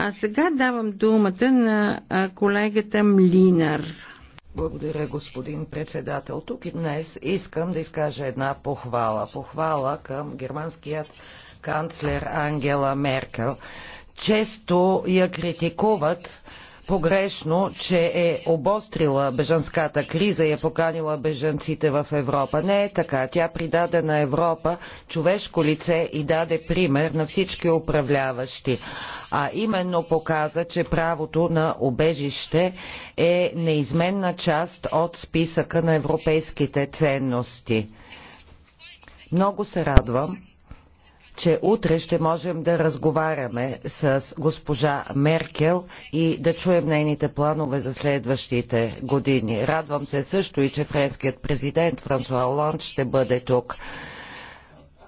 А сега давам думата на колегата Млинар. Благодаря, господин председател. Тук и днес искам да изкажа една похвала. Похвала към германският канцлер Ангела Меркел. Често я критикуват погрешно, че е обострила бежанската криза и е поканила бежанците в Европа. Не е така. Тя придаде на Европа човешко лице и даде пример на всички управляващи. А именно показа, че правото на обежище е неизменна част от списъка на европейските ценности. Много се радвам, че утре ще можем да разговаряме с госпожа Меркел и да чуем нейните планове за следващите години. Радвам се също и, че френският президент Франсуа Оланд ще бъде тук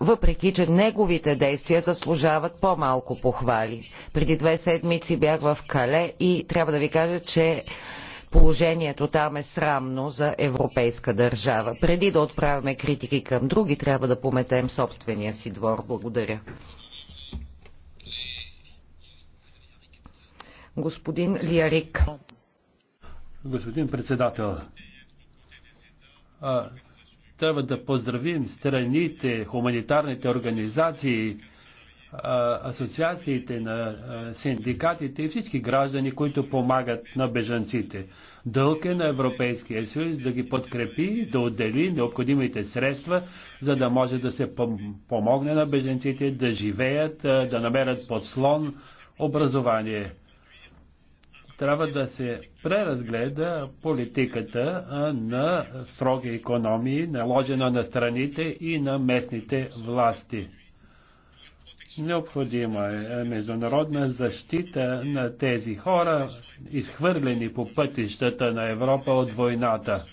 въпреки че неговите действия заслужават по-малко похвали. Преди две седмици бях в Кале и трябва да ви кажа, че Положението там е срамно за европейска държава. Преди да отправяме критики към други, трябва да пометем собствения си двор. Благодаря. Господин Лиарик. Господин председател, трябва да поздравим страните, хуманитарните организации, асоциациите, на синдикатите и всички граждани, които помагат на бежанците. Дълг е на Европейския съюз да ги подкрепи, да отдели необходимите средства, за да може да се помогне на бежанците да живеят, да намерят подслон, образование. Трябва да се преразгледа политиката на строги економии, наложена на страните и на местните власти Необходима е международна защита на тези хора, изхвърлени по пътищата на Европа от войната.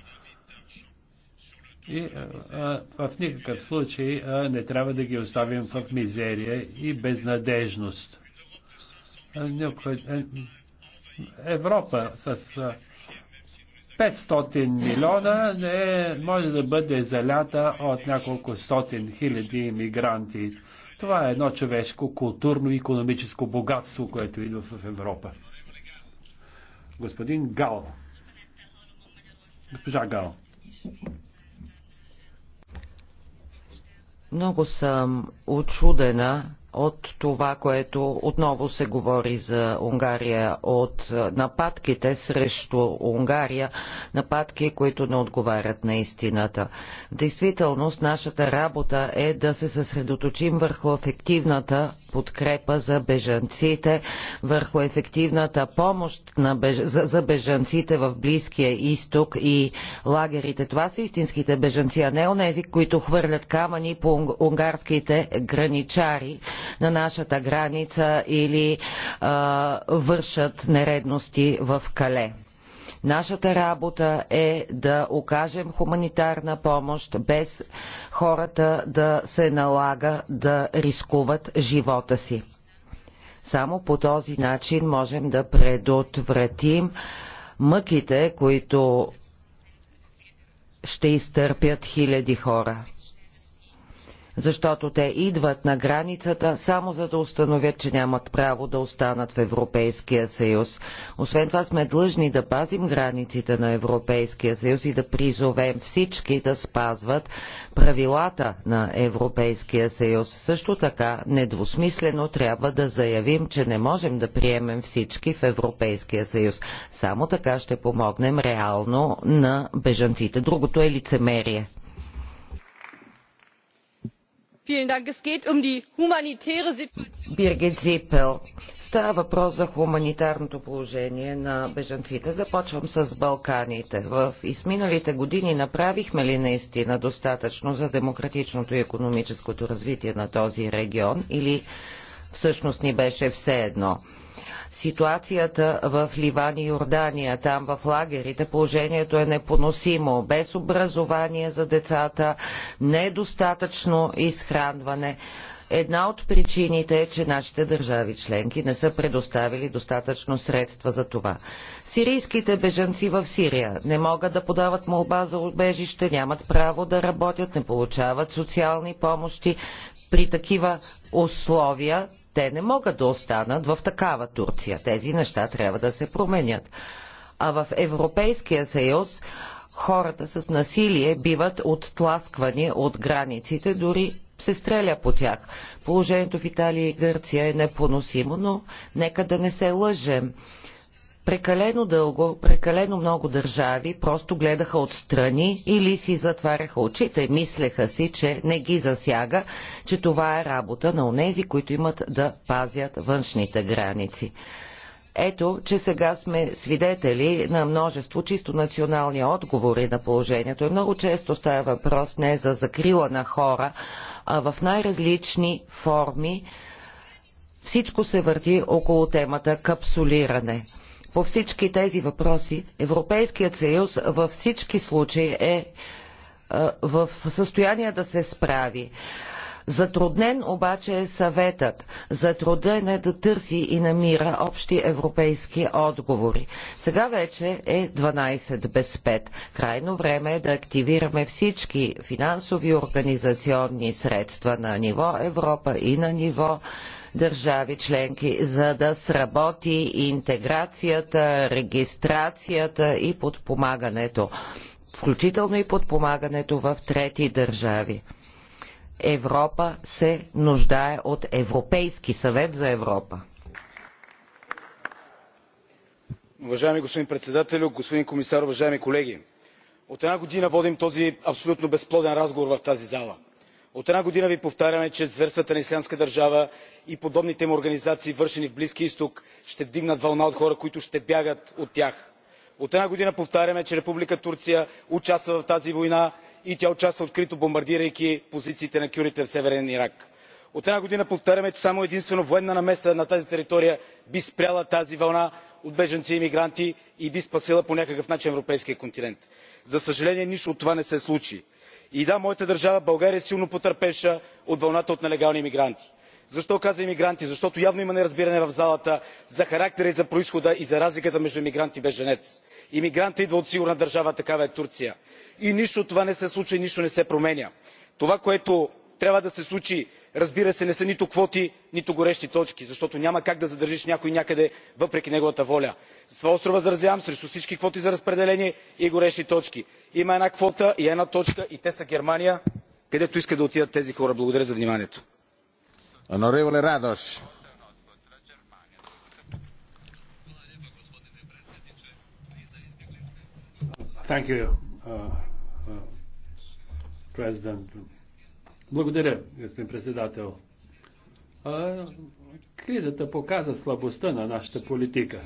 И а, в никакъв случай а, не трябва да ги оставим в мизерия и безнадежност. Необход... Европа с 500 милиона не е, може да бъде залята от няколко стотин хиляди иммигранти. Това е едно човешко, културно и економическо богатство, което идва в Европа. Господин Гал. Госпожа Гал. Много съм очудена от това, което отново се говори за Унгария, от нападките срещу Унгария, нападки, които не отговарят на истината. В действителност нашата работа е да се съсредоточим върху ефективната подкрепа за бежанците, върху ефективната помощ на беж... за бежанците в Близкия изток и лагерите. Това са истинските бежанци, а не онези, които хвърлят камъни по унгарските граничари на нашата граница или а, вършат нередности в Кале. Нашата работа е да окажем хуманитарна помощ без хората да се налага да рискуват живота си. Само по този начин можем да предотвратим мъките, които ще изтърпят хиляди хора защото те идват на границата само за да установят, че нямат право да останат в Европейския съюз. Освен това сме длъжни да пазим границите на Европейския съюз и да призовем всички да спазват правилата на Европейския съюз. Също така недвусмислено трябва да заявим, че не можем да приемем всички в Европейския съюз. Само така ще помогнем реално на бежанците. Другото е лицемерие. Биргит Зипел. Um става въпрос за хуманитарното положение на бежанците. Започвам с Балканите. В изминалите години направихме ли наистина достатъчно за демократичното и економическото развитие на този регион или всъщност ни беше все едно? Ситуацията в Ливан и Йордания, там в лагерите, положението е непоносимо. Без образование за децата, недостатъчно изхранване. Една от причините е, че нашите държави членки не са предоставили достатъчно средства за това. Сирийските бежанци в Сирия не могат да подават молба за убежище, нямат право да работят, не получават социални помощи. При такива условия те не могат да останат в такава Турция. Тези неща трябва да се променят. А в Европейския съюз хората с насилие биват оттласквани от границите, дори се стреля по тях. Положението в Италия и Гърция е непоносимо, но нека да не се лъжем. Прекалено дълго, прекалено много държави просто гледаха отстрани или си затваряха очите. Мислеха си, че не ги засяга, че това е работа на онези, които имат да пазят външните граници. Ето, че сега сме свидетели на множество чисто национални отговори на положението. И много често става въпрос не за закрила на хора, а в най-различни форми всичко се върти около темата капсулиране по всички тези въпроси Европейският съюз във всички случаи е, е в състояние да се справи. Затруднен обаче е съветът. Затруднен е да търси и намира общи европейски отговори. Сега вече е 12 без 5. Крайно време е да активираме всички финансови и организационни средства на ниво Европа и на ниво държави членки, за да сработи интеграцията, регистрацията и подпомагането, включително и подпомагането в трети държави. Европа се нуждае от Европейски съвет за Европа. Уважаеми господин председател, господин комисар, уважаеми колеги! От една година водим този абсолютно безплоден разговор в тази зала от една година ви повтаряме че зверствата на ислямска държава и подобните им организации вършени в близкия изток ще вдигнат вълна от хора които ще бягат от тях. от една година повтаряме че република турция участва в тази война и тя участва открито бомбардирайки позициите на кюрдите в северен ирак. от една година повтаряме че само и единствено военна намеса на тази територия би спряла тази вълна от бежанци и мигранти и би спасила по някакъв начин европейския континент. за съжаление нищо от това не се случи и да моята държава българия е силно потърпевша от вълната от нелегални мигранти. защо казвам имигранти? защото явно има неразбиране в залата за характера и за произхода и за разликата между имигрант и бежанец. имигрантът идва от сигурна държава такава е турция и нищо от това не се случва и нищо не се променя. това което трябва да се случи разбира се не са нито квоти нито горещи точки защото няма как да задържиш някой някъде въпреки неговата воля. затова остро възразявам срещу всички квоти за разпределение и горещи точки. има една квота и една точка и те са германия където искат да отидат тези хора. благодаря за вниманието. Благодаря, господин председател. А, кризата показа слабостта на нашата политика.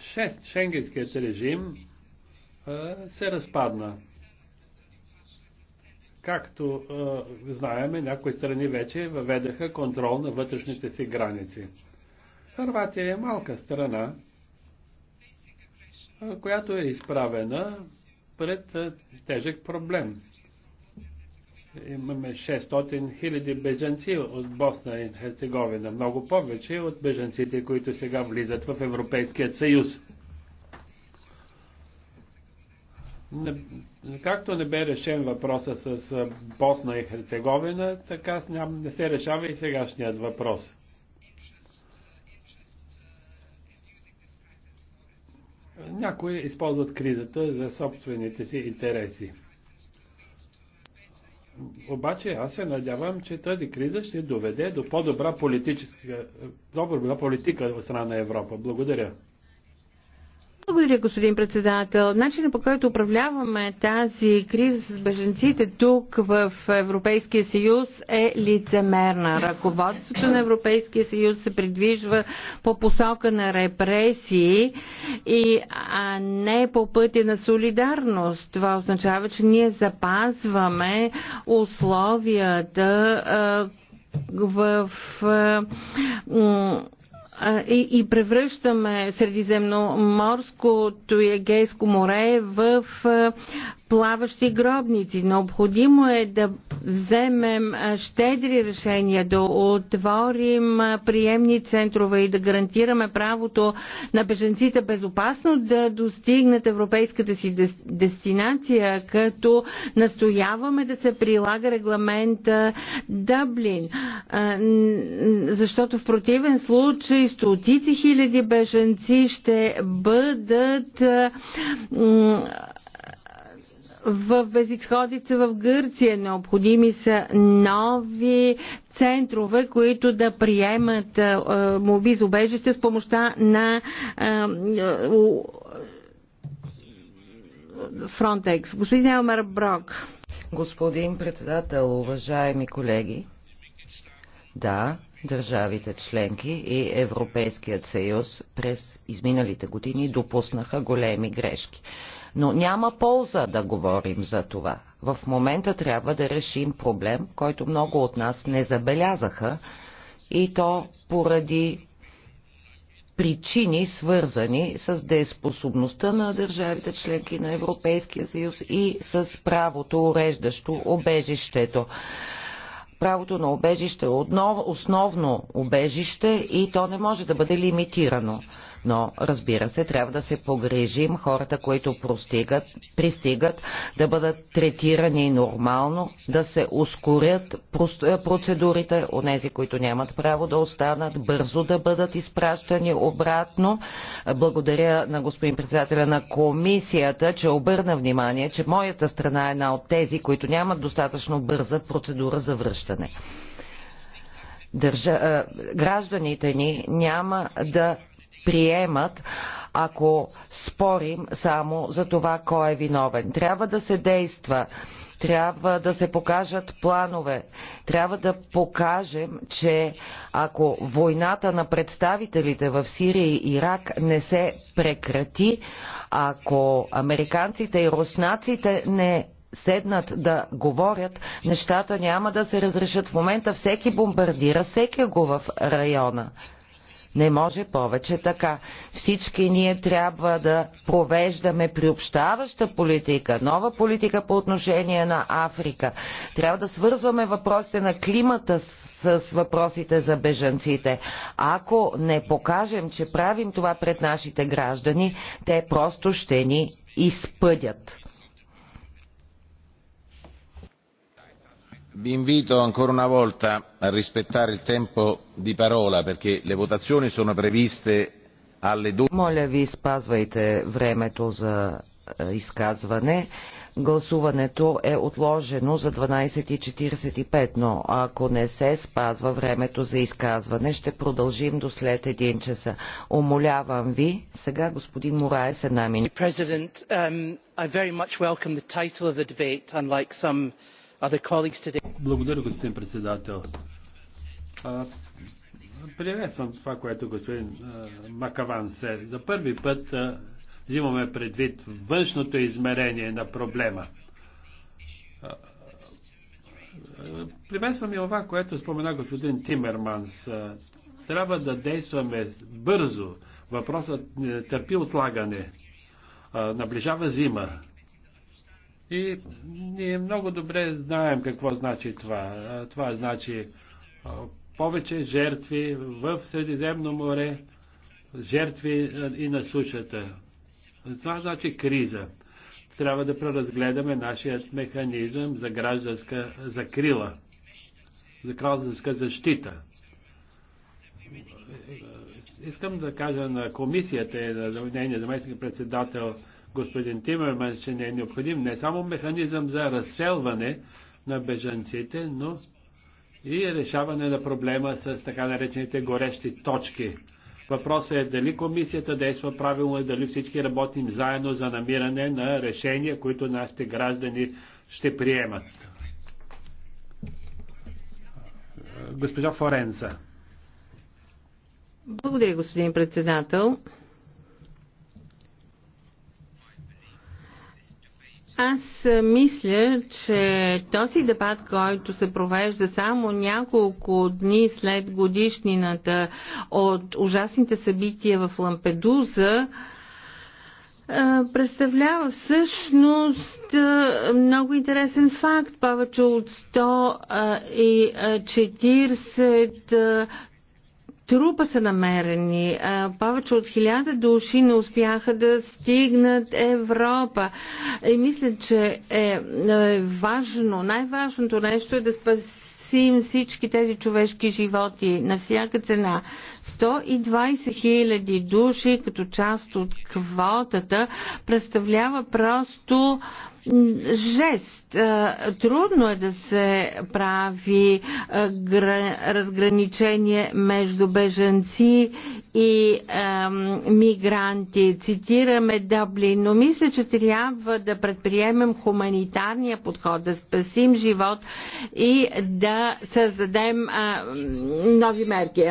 Шест, шенгенският режим а, се разпадна. Както а, знаеме, някои страни вече въведаха контрол на вътрешните си граници. Харватия е малка страна, а, която е изправена пред а, тежък проблем имаме 600 хиляди бежанци от Босна и Херцеговина, много повече от бежанците, които сега влизат в Европейският съюз. Не, както не бе решен въпроса с Босна и Херцеговина, така не се решава и сегашният въпрос. Някои използват кризата за собствените си интереси обаче аз се надявам, че тази криза ще доведе до по-добра политическа, по-добра политика от страна на Европа. Благодаря. Благодаря, господин председател. Начинът по който управляваме тази криза с беженците тук в Европейския съюз е лицемерна. Ръководството на Европейския съюз се придвижва по посока на репресии, и, а не по пътя на солидарност. Това означава, че ние запазваме условията, в и, превръщаме Средиземноморското и Егейско море в плаващи гробници. Необходимо е да вземем щедри решения, да отворим приемни центрове и да гарантираме правото на беженците безопасно да достигнат европейската си дестинация, като настояваме да се прилага регламента Дъблин. Защото в противен случай стотици хиляди беженци ще бъдат в безисходица в Гърция. Необходими са нови центрове, които да приемат моби за убежище с помощта на Фронтекс. Господин Елмар Брок. Господин председател, уважаеми колеги, да, Държавите членки и Европейският съюз през изминалите години допуснаха големи грешки. Но няма полза да говорим за това. В момента трябва да решим проблем, който много от нас не забелязаха и то поради причини, свързани с дееспособността на държавите членки на Европейския съюз и с правото, уреждащо обежището правото на обежище е основно обежище и то не може да бъде лимитирано. Но, разбира се, трябва да се погрежим хората, които простигат, пристигат, да бъдат третирани нормално, да се ускорят е, процедурите, тези, които нямат право да останат, бързо да бъдат изпращани обратно. Благодаря на господин председателя на комисията, че обърна внимание, че моята страна е една от тези, които нямат достатъчно бърза процедура за връщане. Държа, е, гражданите ни няма да приемат, ако спорим само за това кой е виновен. Трябва да се действа, трябва да се покажат планове, трябва да покажем, че ако войната на представителите в Сирия и Ирак не се прекрати, ако американците и руснаците не седнат да говорят, нещата няма да се разрешат. В момента всеки бомбардира всеки го в района. Не може повече така. Всички ние трябва да провеждаме приобщаваща политика, нова политика по отношение на Африка. Трябва да свързваме въпросите на климата с, с въпросите за бежанците. Ако не покажем, че правим това пред нашите граждани, те просто ще ни изпъдят. invito ancora una volta a rispettare il tempo di parola perché le votazioni sono previste alle 12. Моля ви, спазвайте времето за е, изказване. Гласуването е отложено за 12.45, но ако не се спазва времето за изказване, ще продължим до след 1 часа. Умолявам ви, сега господин Мораес една минута. Um, Благодаря, господин председател. Приветствам това, което господин Макаван се. За първи път взимаме предвид външното измерение на проблема. Приветствам и това, което спомена господин Тимерманс. Трябва да действаме бързо. Въпросът не търпи отлагане. Наближава зима. И ние много добре знаем какво значи това. Това значи повече жертви в Средиземно море, жертви и на сушата. Това значи криза. Трябва да преразгледаме нашият механизъм за гражданска закрила, за гражданска защита. Искам да кажа на комисията и на нейния заместник председател господин Тимерман, че не е необходим не само механизъм за разселване на бежанците, но и решаване на проблема с така наречените горещи точки. Въпросът е дали комисията действа правилно и дали всички работим заедно за намиране на решения, които нашите граждани ще приемат. Госпожа Форенца. Благодаря, господин председател. Аз мисля, че този дебат, който се провежда само няколко дни след годишнината от ужасните събития в Лампедуза, представлява всъщност много интересен факт. Повече от 140 трупа са намерени. Повече от хиляда души не успяха да стигнат Европа. И мисля, че е, е важно, най-важното нещо е да спасим всички тези човешки животи на всяка цена. 120 хиляди души като част от квотата представлява просто жест. Е, трудно е да се прави е, разграничение между бежанци и мигранти. Цитираме Дъблин, но мисля, че трябва да предприемем хуманитарния подход, да спасим живот и да създадем е, нови мерки.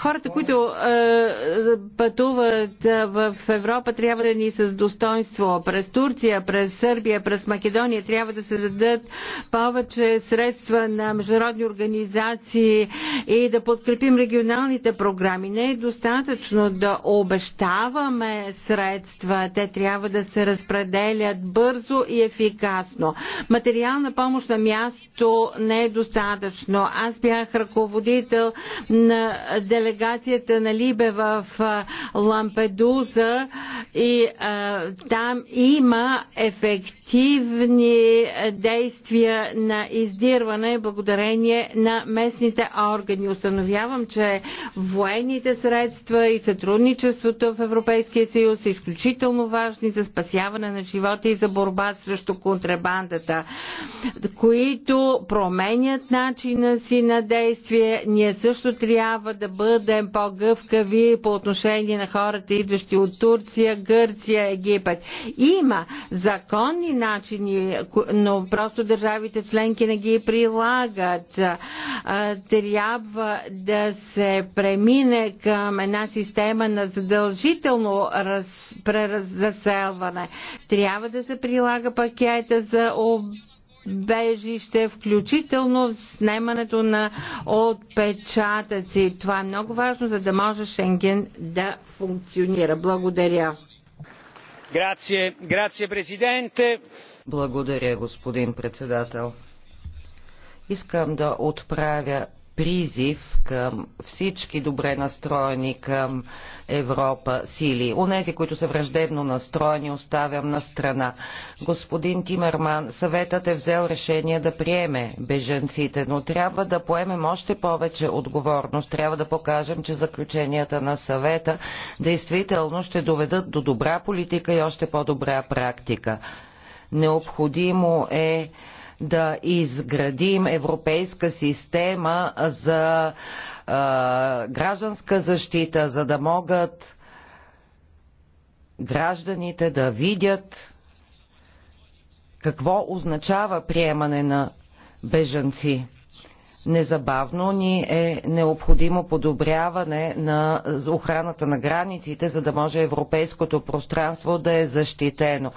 Хората, които е, пътуват е, в Европа, трябва да ни с достоинство. През Турция, през Сърбия, през Македония трябва да се дадат повече средства на международни организации и да подкрепим регионалните програми. Не е достатъчно да обещаваме средства. Те трябва да се разпределят бързо и ефикасно. Материална помощ на място не е достатъчно. Аз бях ръководител на делегация делегацията на Либе в Лампедуза и а, там има ефективни действия на издирване благодарение на местните органи. Установявам, че военните средства и сътрудничеството в Европейския съюз са изключително важни за спасяване на живота и за борба срещу контрабандата, които променят начина си на действие. Ние също трябва да бъдем бъдем по-гъвкави по отношение на хората, идващи от Турция, Гърция, Египет. Има законни начини, но просто държавите членки не ги прилагат. Трябва да се премине към една система на задължително раз... преразселване. Трябва да се прилага пакета за об бежище, включително снимането на отпечатъци. Това е много важно, за да може Шенген да функционира. Благодаря. Грация, грация, президенте. Благодаря, господин председател. Искам да отправя призив към всички добре настроени към Европа сили. Онези, които са враждебно настроени, оставям на страна. Господин Тимерман, съветът е взел решение да приеме беженците, но трябва да поемем още повече отговорност. Трябва да покажем, че заключенията на съвета действително ще доведат до добра политика и още по-добра практика. Необходимо е да изградим европейска система за гражданска защита, за да могат гражданите да видят какво означава приемане на беженци. Незабавно ни е необходимо подобряване на охраната на границите, за да може европейското пространство да е защитено.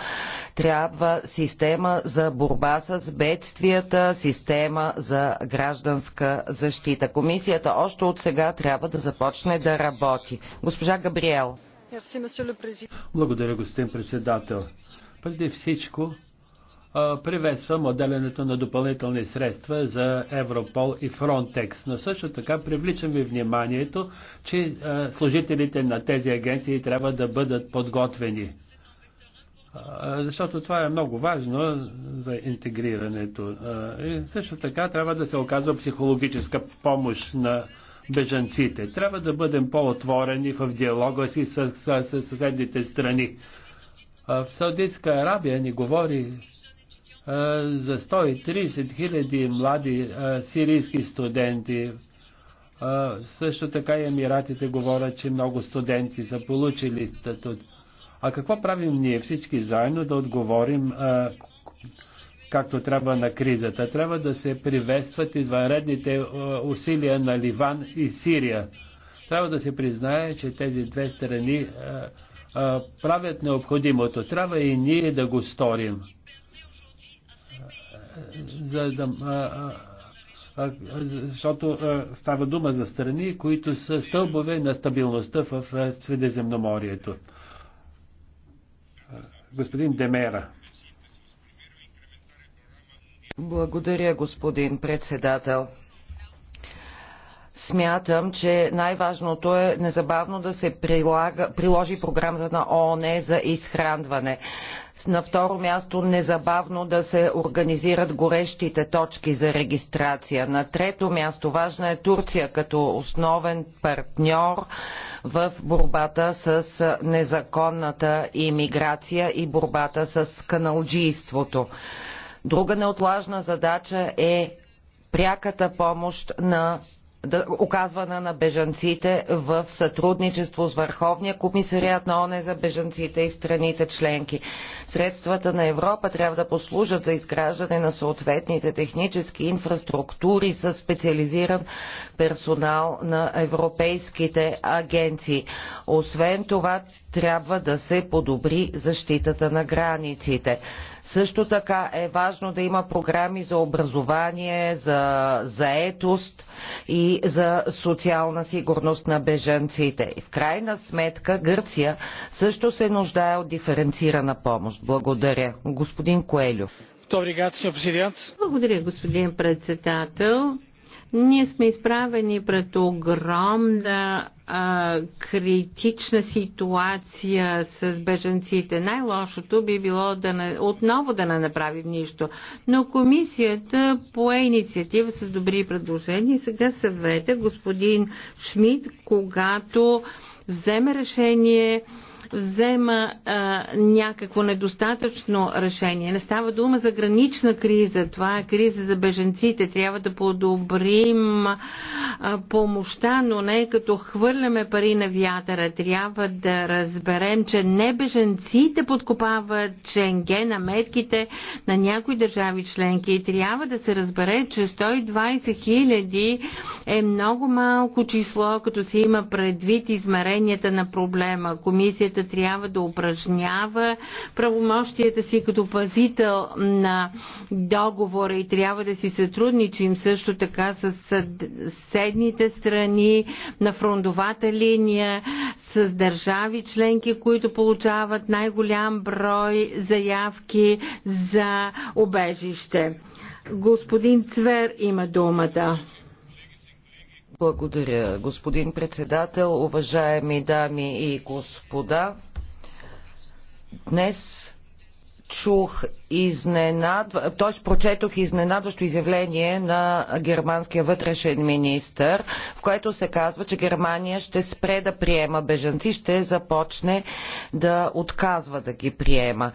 Трябва система за борба с бедствията, система за гражданска защита. Комисията още от сега трябва да започне да работи. Госпожа Габриел. Благодаря, господин председател. Преди всичко, приветства моделянето на допълнителни средства за Европол и Фронтекс, но също така привличаме вниманието, че служителите на тези агенции трябва да бъдат подготвени. Защото това е много важно за интегрирането. И също така трябва да се оказва психологическа помощ на бежанците. Трябва да бъдем по-отворени в диалога си с съседните страни. В Саудитска Арабия ни говори за 130 хиляди млади сирийски студенти. Също така и емиратите говорят, че много студенти са получили статут. А какво правим ние всички заедно да отговорим както трябва на кризата? Трябва да се приветстват извънредните усилия на Ливан и Сирия. Трябва да се признае, че тези две страни правят необходимото. Трябва и ние да го сторим за да, а, а, защото а, става дума за страни, които са стълбове на стабилността в Средиземноморието. Господин Демера. Благодаря, господин председател. Смятам, че най-важното е незабавно да се прилага, приложи програмата на ООН за изхранване. На второ място незабавно да се организират горещите точки за регистрация. На трето място важна е Турция като основен партньор в борбата с незаконната имиграция и борбата с каналджийството. Друга неотлажна задача е пряката помощ на да, оказвана на бежанците в сътрудничество с Върховния комисариат на ОНЕ за бежанците и страните членки. Средствата на Европа трябва да послужат за изграждане на съответните технически инфраструктури с специализиран персонал на европейските агенции. Освен това, трябва да се подобри защитата на границите. Също така е важно да има програми за образование, за заетост и за социална сигурност на бежанците. И в крайна сметка Гърция също се нуждае от диференцирана помощ. Благодаря. Господин Коелю. Благодаря, господин председател. Ние сме изправени пред огромна а, критична ситуация с беженците. Най-лошото би било да не, отново да не направим нищо. Но комисията пое инициатива с добри предложения сега съвета господин Шмидт, когато вземе решение взема а, някакво недостатъчно решение. Не става дума за гранична криза, това е криза за беженците. Трябва да подобрим а, помощта, но не като хвърляме пари на вятъра. Трябва да разберем, че не беженците подкопават Шенген, а мерките на някои държави членки. И трябва да се разбере, че 120 хиляди е много малко число, като се има предвид измеренията на проблема. Комисията комисията трябва да упражнява правомощията си като пазител на договора и трябва да си сътрудничим също така с съседните страни на фронтовата линия, с държави членки, които получават най-голям брой заявки за обежище. Господин Цвер има думата. Благодаря, господин председател, уважаеми дами и господа. Днес чух изненадва, т.е. прочетох изненадващо изявление на германския вътрешен министр, в което се казва, че Германия ще спре да приема бежанци, ще започне да отказва да ги приема.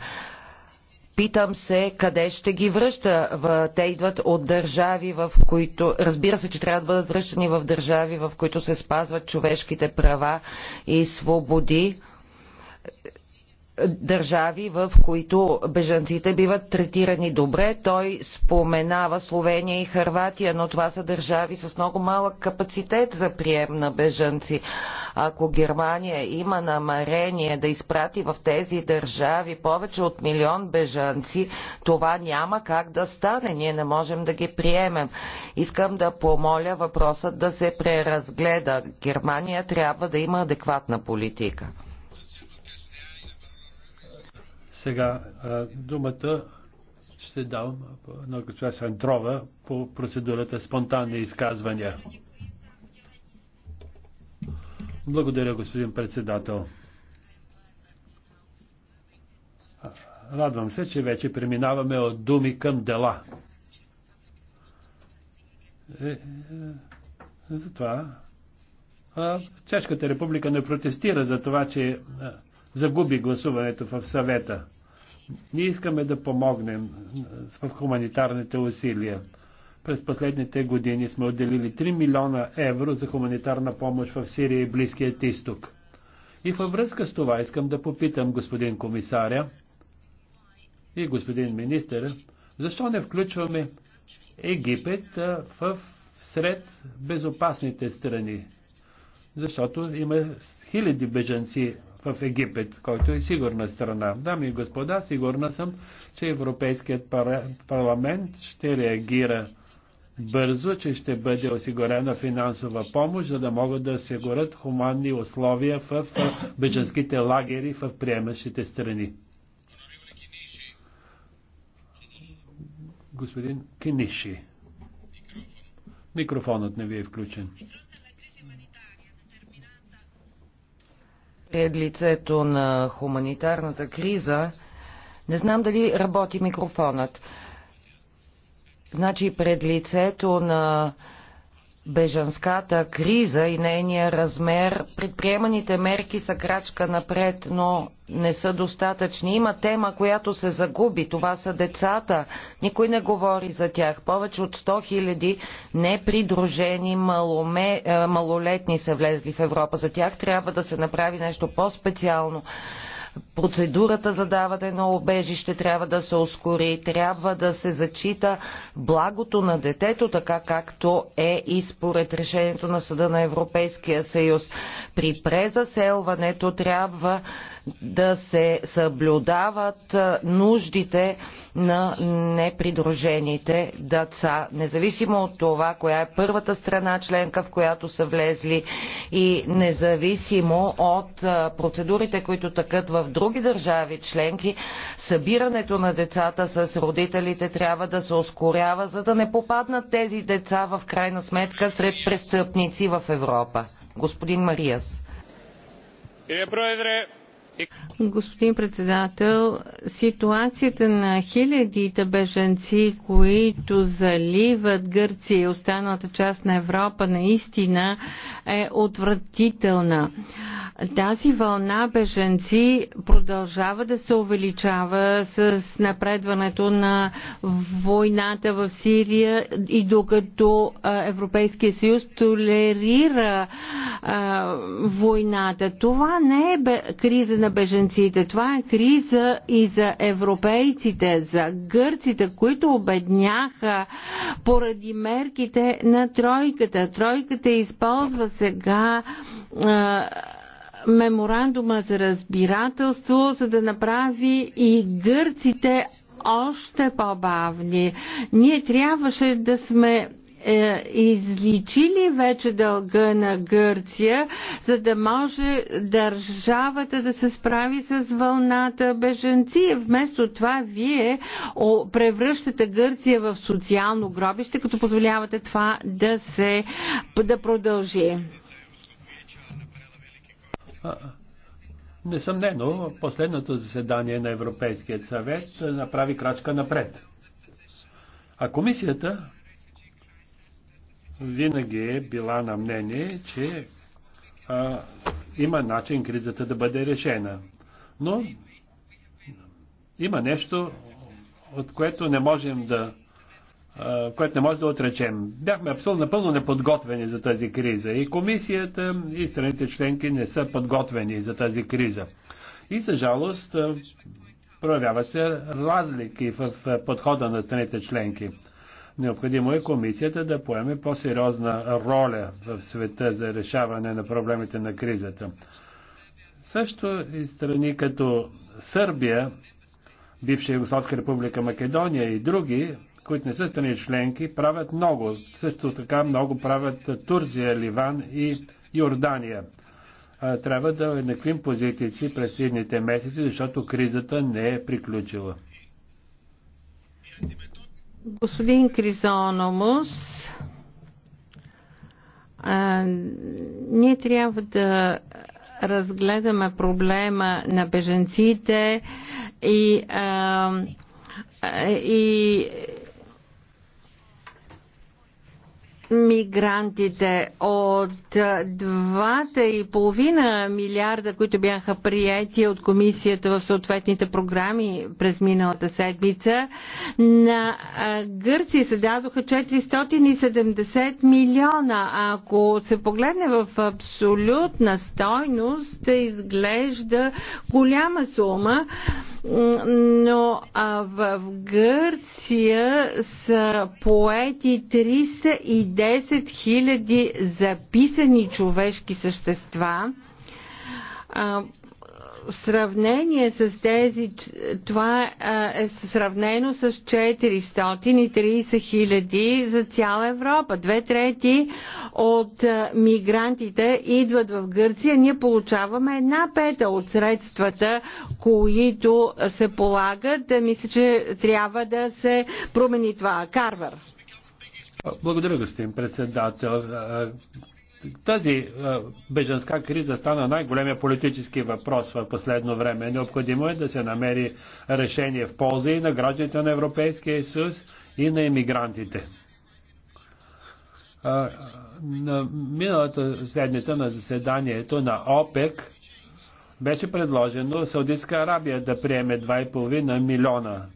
Питам се къде ще ги връща. Те идват от държави, в които. Разбира се, че трябва да бъдат връщани в държави, в които се спазват човешките права и свободи държави, в които бежанците биват третирани добре. Той споменава Словения и Харватия, но това са държави с много малък капацитет за прием на бежанци. Ако Германия има намерение да изпрати в тези държави повече от милион бежанци, това няма как да стане. Ние не можем да ги приемем. Искам да помоля въпросът да се преразгледа. Германия трябва да има адекватна политика. Сега думата ще дам на госпожа Сантрова по процедурата спонтанни изказвания. Благодаря, господин председател. Радвам се, че вече преминаваме от думи към дела. Е, е, затова а, Чешката република не протестира за това, че а, загуби гласуването в съвета. Ние искаме да помогнем в хуманитарните усилия. През последните години сме отделили 3 милиона евро за хуманитарна помощ в Сирия и Близкият изток. И във връзка с това искам да попитам господин комисаря и господин министър, защо не включваме Египет в сред безопасните страни? Защото има хиляди бежанци в Египет, който е сигурна страна. Дами и господа, сигурна съм, че Европейският парламент ще реагира бързо, че ще бъде осигурена финансова помощ, за да могат да осигурят хуманни условия в беженските лагери в приемащите страни. Господин Киниши. Микрофонът не ви е включен. пред лицето на хуманитарната криза, не знам дали работи микрофонът. Значи пред лицето на бежанската криза и нейния размер, предприеманите мерки са крачка напред, но не са достатъчни. Има тема, която се загуби. Това са децата. Никой не говори за тях. Повече от 100 хиляди непридружени е, малолетни са влезли в Европа. За тях трябва да се направи нещо по-специално. Процедурата за даване на обежище трябва да се ускори, трябва да се зачита благото на детето, така както е и според решението на Съда на Европейския съюз. При презаселването трябва да се съблюдават нуждите на непридружените деца, независимо от това, коя е първата страна членка, в която са влезли и независимо от процедурите, които такът в други държави членки, събирането на децата с родителите трябва да се ускорява, за да не попаднат тези деца в крайна сметка сред престъпници в Европа. Господин Мариас. Κύριε е, Господин председател, ситуацията на хилядите беженци, които заливат Гърция и останалата част на Европа, наистина е отвратителна. Тази вълна беженци продължава да се увеличава с напредването на войната в Сирия и докато Европейския съюз толерира войната. Това не е криза на беженците, това е криза и за европейците, за гърците, които обедняха поради мерките на тройката. Тройката използва сега меморандума за разбирателство, за да направи и гърците още по-бавни. Ние трябваше да сме е, изличили вече дълга на Гърция, за да може държавата да се справи с вълната беженци. Вместо това вие о, превръщате Гърция в социално гробище, като позволявате това да се да продължи. Несъмнено, последното заседание на Европейския съвет направи крачка напред. А комисията винаги е била на мнение, че а, има начин кризата да бъде решена. Но има нещо, от което не можем да което не може да отречем. Бяхме абсолютно напълно неподготвени за тази криза. И комисията, и страните членки не са подготвени за тази криза. И за жалост проявяват се разлики в подхода на страните членки. Необходимо е комисията да поеме по-сериозна роля в света за решаване на проблемите на кризата. Също и страни като Сърбия, бивша Югославска република Македония и други които не са страни членки, правят много. Също така много правят Турция, Ливан и Йордания. Трябва да еднаквим позиции през следните месеци, защото кризата не е приключила. Господин Кризономус, а, ние трябва да разгледаме проблема на беженците и, а, и мигрантите от 2,5 милиарда, които бяха прияти от комисията в съответните програми през миналата седмица, на Гърци се дадоха 470 милиона. Ако се погледне в абсолютна стойност, изглежда голяма сума, но а в Гърция са поети 310 хиляди записани човешки същества сравнение с тези, това е сравнено с 430 хиляди за цяла Европа. Две трети от мигрантите идват в Гърция. Ние получаваме една пета от средствата, които се полагат. Е, мисля, че трябва да се промени това. Карвар. Благодаря, господин председател. Тази е, беженска криза стана най-големия политически въпрос в последно време. Необходимо е да се намери решение в полза и на гражданите на Европейския съюз и на иммигрантите. На миналата седмица на заседанието на ОПЕК беше предложено Саудитска Арабия да приеме 2,5 милиона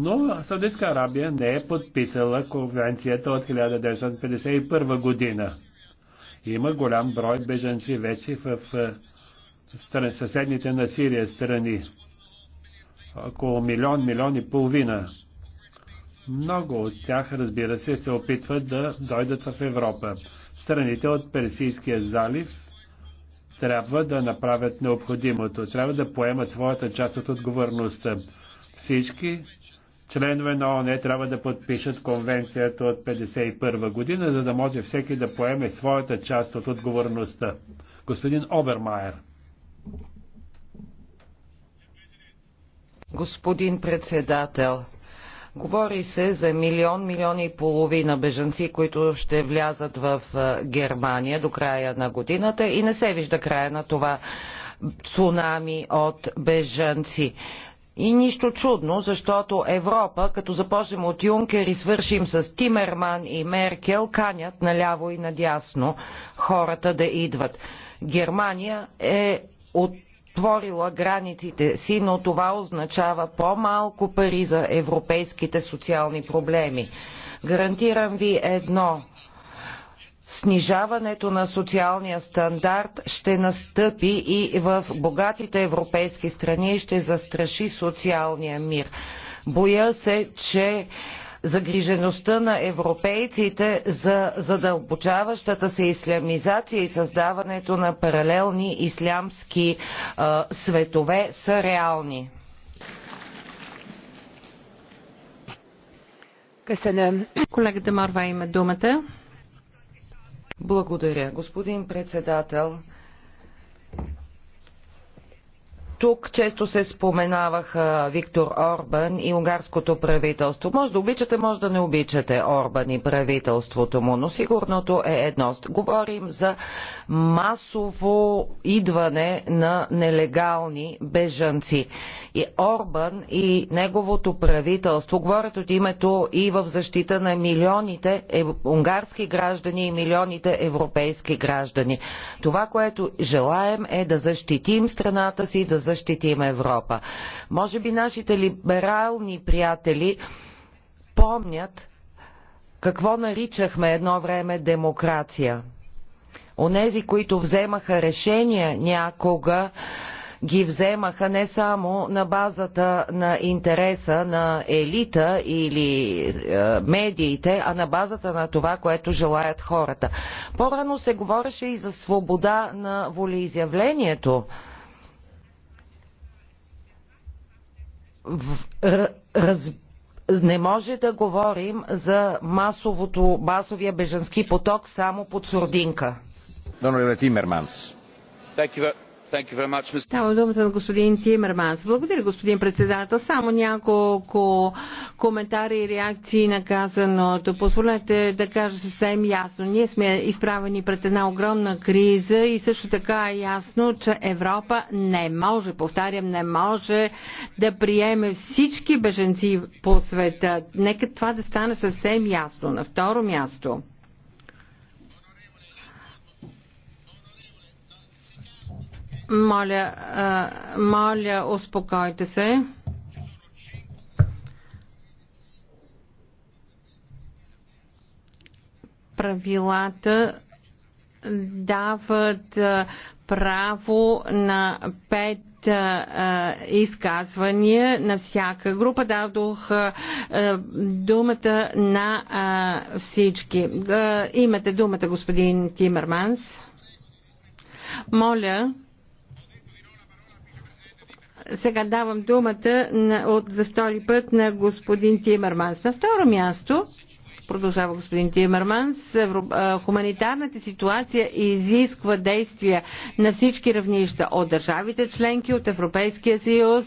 но Саудитска Арабия не е подписала конвенцията от 1951 година. Има голям брой бежанци вече в съседните на Сирия страни. Около милион, милион и половина. Много от тях, разбира се, се опитват да дойдат в Европа. Страните от Персийския залив трябва да направят необходимото, трябва да поемат своята част от отговорността. Всички членове на ОНЕ трябва да подпишат конвенцията от 1951 година, за да може всеки да поеме своята част от отговорността. Господин Обермайер. Господин председател, говори се за милион, милион и половина бежанци, които ще влязат в Германия до края на годината и не се вижда края на това цунами от бежанци. И нищо чудно, защото Европа, като започнем от Юнкер и свършим с Тимерман и Меркел, канят наляво и надясно хората да идват. Германия е отворила границите си, но това означава по-малко пари за европейските социални проблеми. Гарантирам ви едно снижаването на социалния стандарт ще настъпи и в богатите европейски страни и ще застраши социалния мир. Боя се, че загрижеността на европейците за задълбочаващата се ислямизация и създаването на паралелни ислямски а, светове са реални. Колегата Марва има думата. Благодаря, господин председател. Тук често се споменаваха Виктор Орбан и унгарското правителство. Може да обичате, може да не обичате Орбан и правителството му, но сигурното е едно. Говорим за масово идване на нелегални бежанци. И Орбан и неговото правителство говорят от името и в защита на милионите е, унгарски граждани и милионите европейски граждани. Това, което желаем е да защитим страната си и да защитим Европа. Може би нашите либерални приятели помнят какво наричахме едно време демокрация. Онези, които вземаха решения някога, ги вземаха не само на базата на интереса на елита или е, медиите, а на базата на това, което желаят хората. По-рано се говореше и за свобода на волеизявлението. В, раз, не може да говорим за масовото, масовия бежански поток само под сурдинка. Донор Тимерманс. Става думата на господин Тимерманс. Благодаря, господин председател. Само няколко коментари и реакции на казаното. Позволете да кажа съвсем ясно. Ние сме изправени пред една огромна криза и също така е ясно, че Европа не може, повтарям, не може да приеме всички беженци по света. Нека това да стане съвсем ясно. На второ място. Моля, моля, успокойте се. Правилата дават право на пет изказвания на всяка група. Дадох думата на всички. Имате думата, господин Тимерманс. Моля, сега давам думата на, от, за втори път на господин Тимърманс. На второ място, продължава господин Тимерманс, хуманитарната ситуация изисква действия на всички равнища от държавите членки, от Европейския съюз,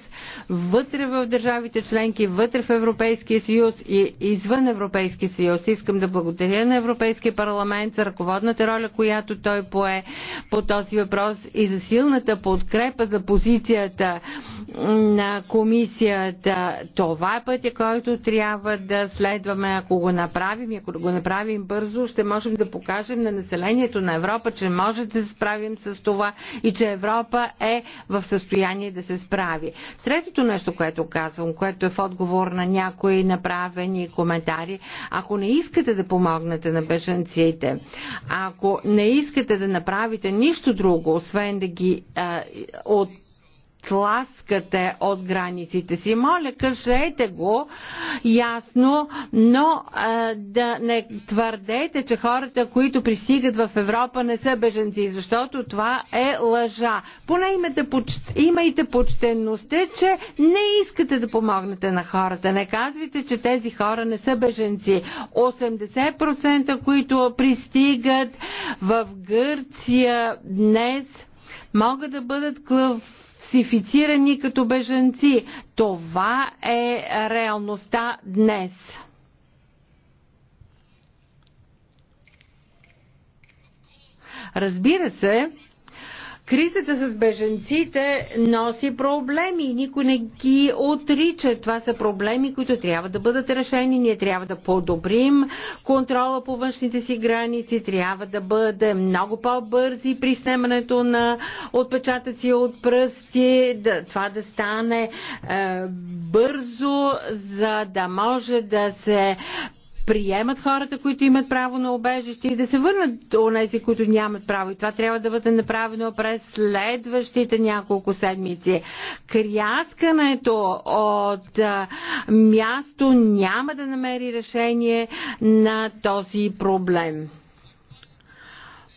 вътре в държавите членки, вътре в Европейския съюз и извън Европейския съюз. Искам да благодаря на Европейския парламент за ръководната роля, която той пое по този въпрос и за силната подкрепа за позицията на комисията. Това е пътя, който трябва да следваме, ако го направим направим и ако го направим бързо, ще можем да покажем на населението на Европа, че може да се справим с това и че Европа е в състояние да се справи. Средното нещо, което казвам, което е в отговор на някои направени коментари, ако не искате да помогнете на беженците, ако не искате да направите нищо друго, освен да ги а, от тласкате от границите си. Моля, кажете го ясно, но а, да не твърдете, че хората, които пристигат в Европа, не са беженци, защото това е лъжа. Поне имате поч... имайте почтенността, че не искате да помогнете на хората. Не казвайте, че тези хора не са беженци. 80% които пристигат в Гърция днес могат да бъдат клъв класифицирани като бежанци. Това е реалността днес. Разбира се, Кризата с беженците носи проблеми и никой не ги отрича. Това са проблеми, които трябва да бъдат решени. Ние трябва да подобрим контрола по външните си граници, трябва да бъде много по-бързи при снемането на отпечатъци от пръсти, да, това да стане е, бързо, за да може да се приемат хората, които имат право на обежище и да се върнат у нези, които нямат право. И това трябва да бъде направено през следващите няколко седмици. Кряскането от място няма да намери решение на този проблем.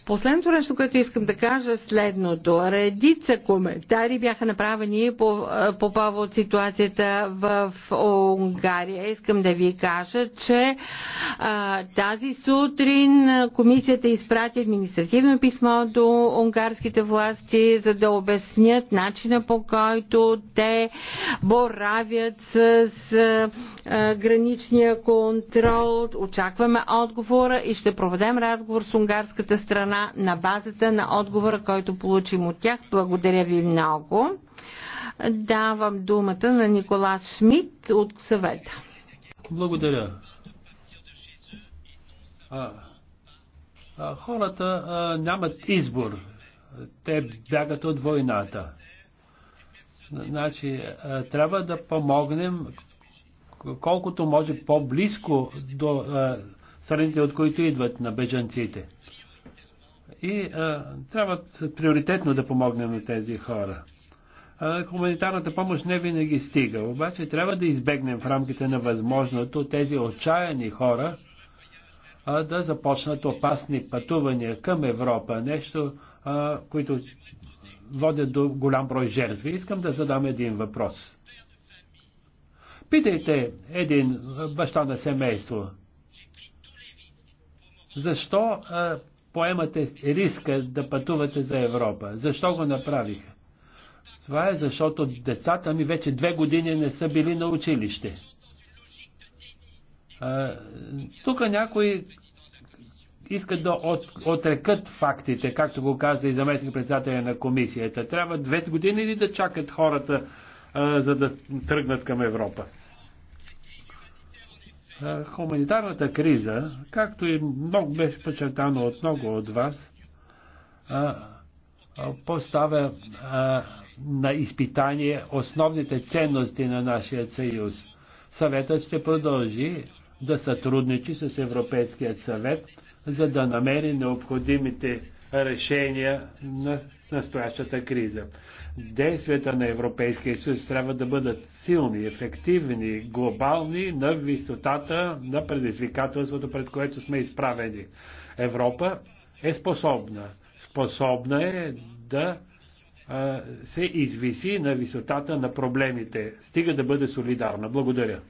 Последното нещо, което искам да кажа е следното. Редица коментари бяха направени по, е, по повод ситуацията в Унгария. Искам да ви кажа, че а, е, тази сутрин комисията изпрати административно писмо до унгарските власти, за да обяснят начина по който те боравят с, а, граничния контрол. Очакваме отговора и ще проведем разговор с унгарската страна страна на базата на отговора, който получим от тях. Благодаря ви много. Давам думата на Николас Шмидт от съвета. Благодаря. А, а, хората а, нямат избор. Те бягат от войната. Значи, а, трябва да помогнем колкото може по-близко до а, страните, от които идват на бежанците. И а, трябва приоритетно да помогнем на тези хора. А, хуманитарната помощ не винаги стига, обаче трябва да избегнем в рамките на възможното тези отчаяни хора а, да започнат опасни пътувания към Европа, нещо, а, които водят до голям брой жертви. Искам да задам един въпрос. Питайте един баща на семейство, защо а, поемате риска да пътувате за Европа. Защо го направиха? Това е защото децата ми вече две години не са били на училище. Тук някои искат да от, отрекат фактите, както го каза и заместник председателя на комисията. Трябва две години ли да чакат хората, а, за да тръгнат към Европа? Хуманитарната криза, както и много беше подчертано от много от вас, поставя на изпитание основните ценности на нашия съюз. Съветът ще продължи да сътрудничи с Европейският съвет, за да намери необходимите решения на настоящата криза действията на Европейския съюз трябва да бъдат силни, ефективни, глобални, на висотата на предизвикателството, пред което сме изправени. Европа е способна. Способна е да а, се извиси на висотата на проблемите. Стига да бъде солидарна. Благодаря.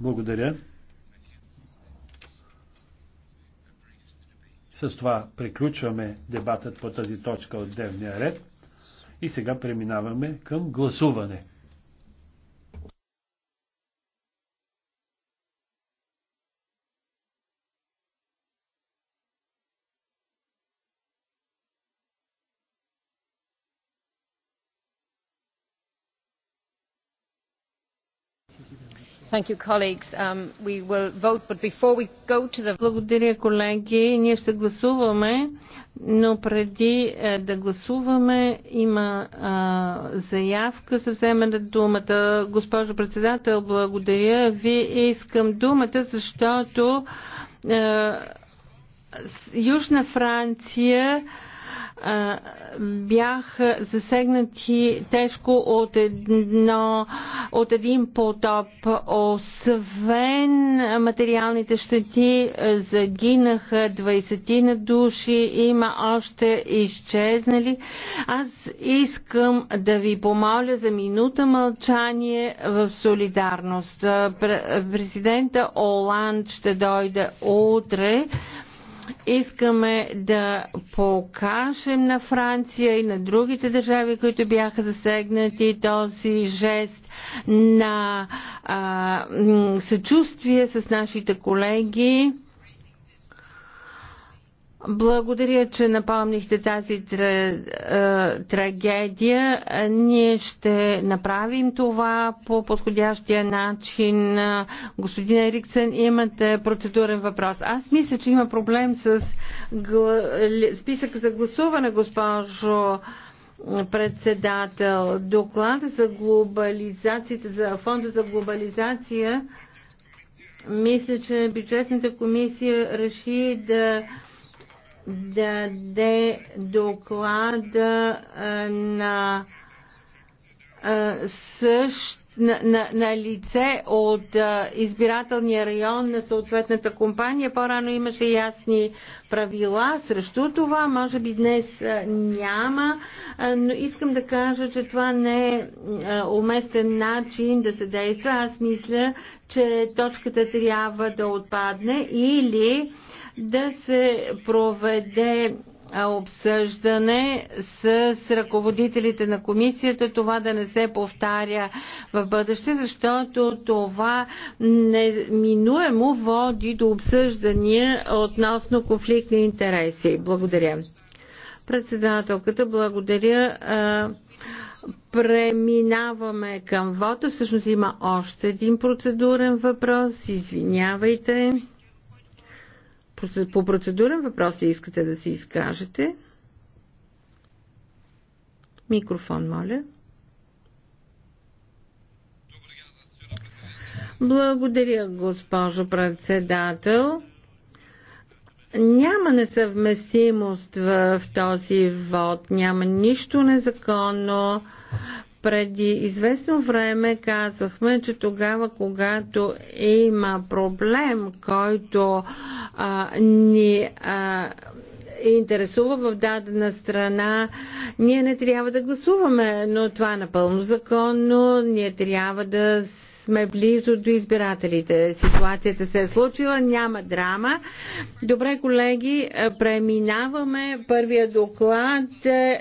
Благодаря. С това приключваме дебатът по тази точка от дневния ред и сега преминаваме към гласуване. Um, благодаря, колеги. Ние ще гласуваме, но преди е, да гласуваме има заявка за вземане думата. Госпожо председател, благодаря ви. Искам думата, защото е, Южна Франция бях засегнати тежко от, едно, от един потоп. Освен материалните щети, загинаха 20 на души, има още изчезнали. Аз искам да ви помоля за минута мълчание в солидарност. Президента Оланд ще дойде утре. Искаме да покажем на Франция и на другите държави, които бяха засегнати този жест на а, съчувствие с нашите колеги. Благодаря, че напомнихте тази тра, трагедия. Ние ще направим това по подходящия начин. Господин Ериксен, имате процедурен въпрос. Аз мисля, че има проблем с списък за гласуване, госпожо председател. Доклада за глобализацията, за фонда за глобализация, мисля, че бюджетната комисия реши да даде доклада на същ на, на, на лице от а, избирателния район на съответната компания. По-рано имаше ясни правила срещу това. Може би днес а, няма, а, но искам да кажа, че това не е а, уместен начин да се действа. Аз мисля, че точката трябва да отпадне или да се проведе обсъждане с ръководителите на комисията, това да не се повтаря в бъдеще, защото това неминуемо води до обсъждания относно конфликтни интереси. Благодаря. Председателката, благодаря. Преминаваме към вода. Всъщност има още един процедурен въпрос. Извинявайте. По процедурен въпрос ли искате да се изкажете? Микрофон, моля. Благодаря, госпожо председател. Няма несъвместимост в този вод, няма нищо незаконно преди известно време казахме, че тогава, когато има проблем, който а, ни а, интересува в дадена страна, ние не трябва да гласуваме, но това е напълно законно. Ние трябва да сме близо до избирателите. Ситуацията се е случила, няма драма. Добре, колеги, преминаваме първия доклад. Е